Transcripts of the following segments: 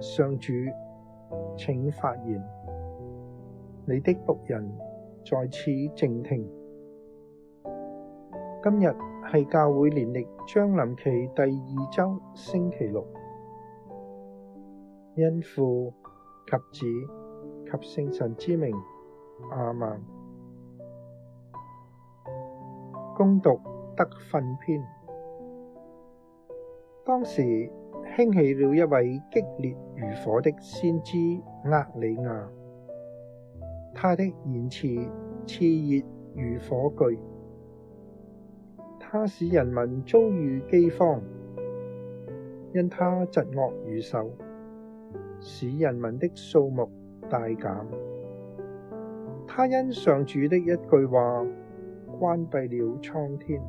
上主，請發言。你的僕人在此靜聽。今日係教會年曆將臨期第二周星期六。因父及子及聖神之名，阿們。恭讀德訓篇。當時。興起了一位激烈如火的先知厄里亞，他的言辭熾熱如火炬，他使人民遭遇饑荒，因他嫉惡如仇，使人民的數目大減。他因上主的一句話，關閉了蒼天，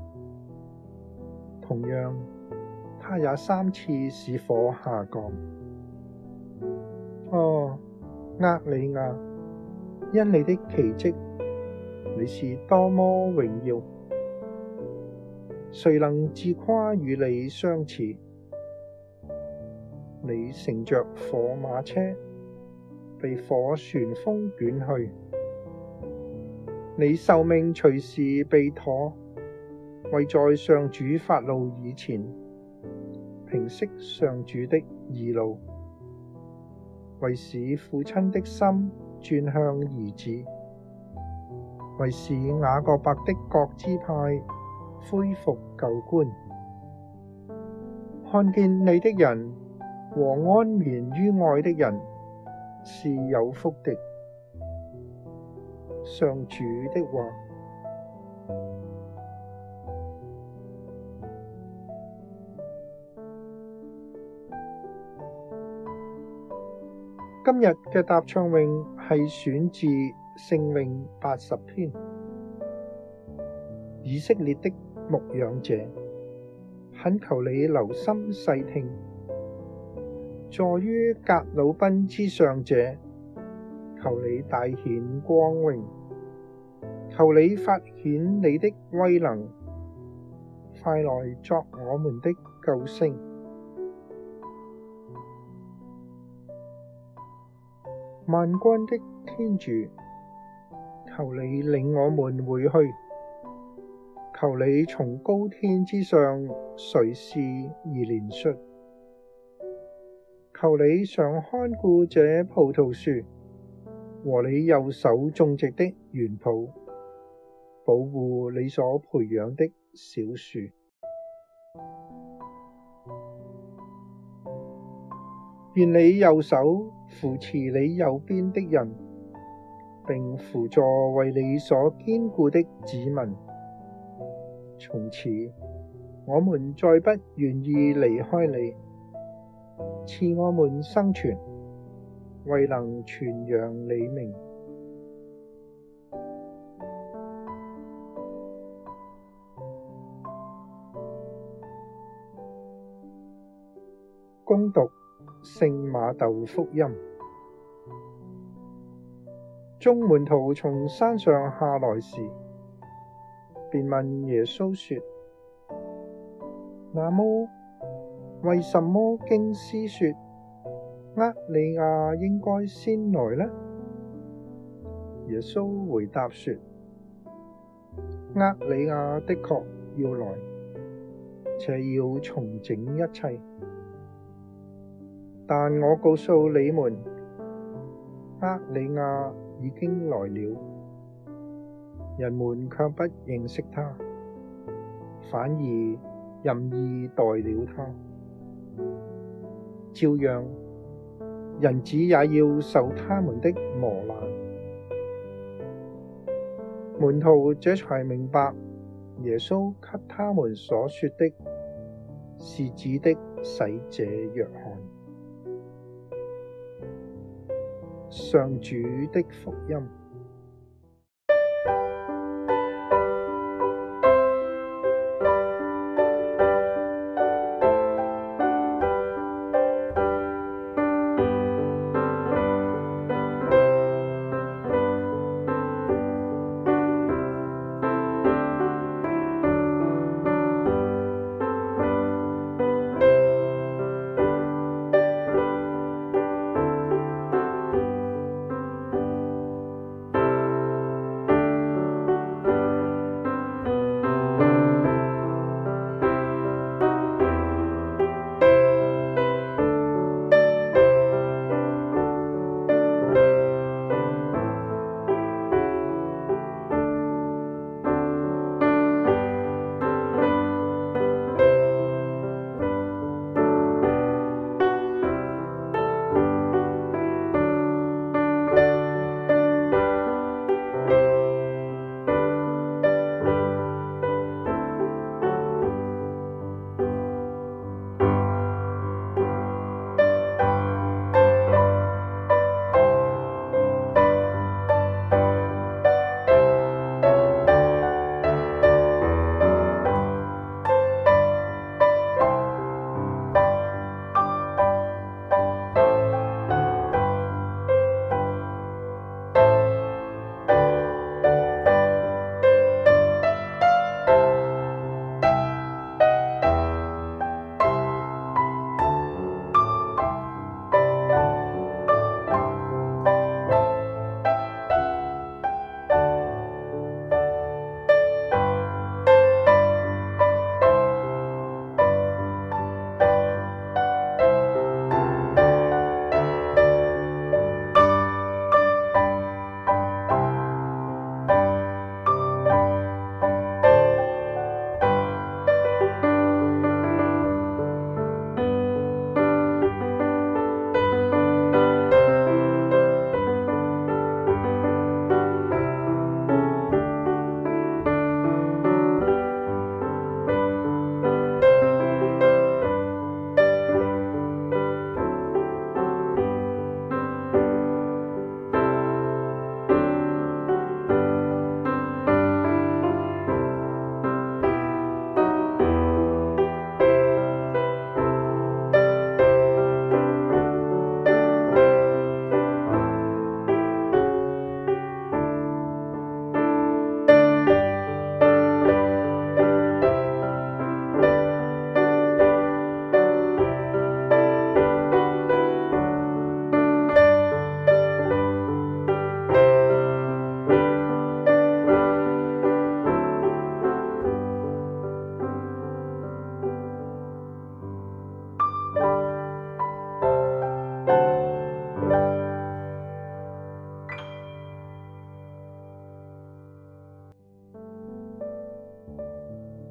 同樣。他也三次使火下降。哦，厄里亞，因你的奇蹟，你是多麼榮耀！誰能自誇與你相似？你乘着火馬車，被火旋風捲去。你受命隨時備妥，為在上主發怒以前，平息上主的義怒，為使父親的心轉向兒子，為使雅各伯的各支派恢復舊觀。看見你的人和安眠於愛的人是有福的。上主的話。今日嘅答唱詠係選自聖詠八十篇，以色列的牧養者，懇求你留心細聽，坐於革魯賓之上者，求你大顯光榮，求你發顯你的威能，快來作我們的救星。萬軍的天主，求你領我們回去，求你從高天之上垂視而憐恤，求你常看顧這葡萄樹和你右手種植的園圃，保護你所培養的小樹。願你右手扶持你右邊的人，並扶助為你所堅固的子民。從此，我們再不願意離開你，賜我們生存，為能傳揚你名。恭讀。聖馬竇福音，眾門徒從山上下來時，便問耶穌說：那麼，為什麼經師說厄里亞應該先來呢？耶穌回答說：厄里亞的確要來，且要重整一切。但我告訴你們，厄里亞已經來了，人們卻不認識他，反而任意待了他，照樣，人子也要受他們的磨難。門徒這才明白耶穌給他們所說的，是指的洗者若翰。上主的福音。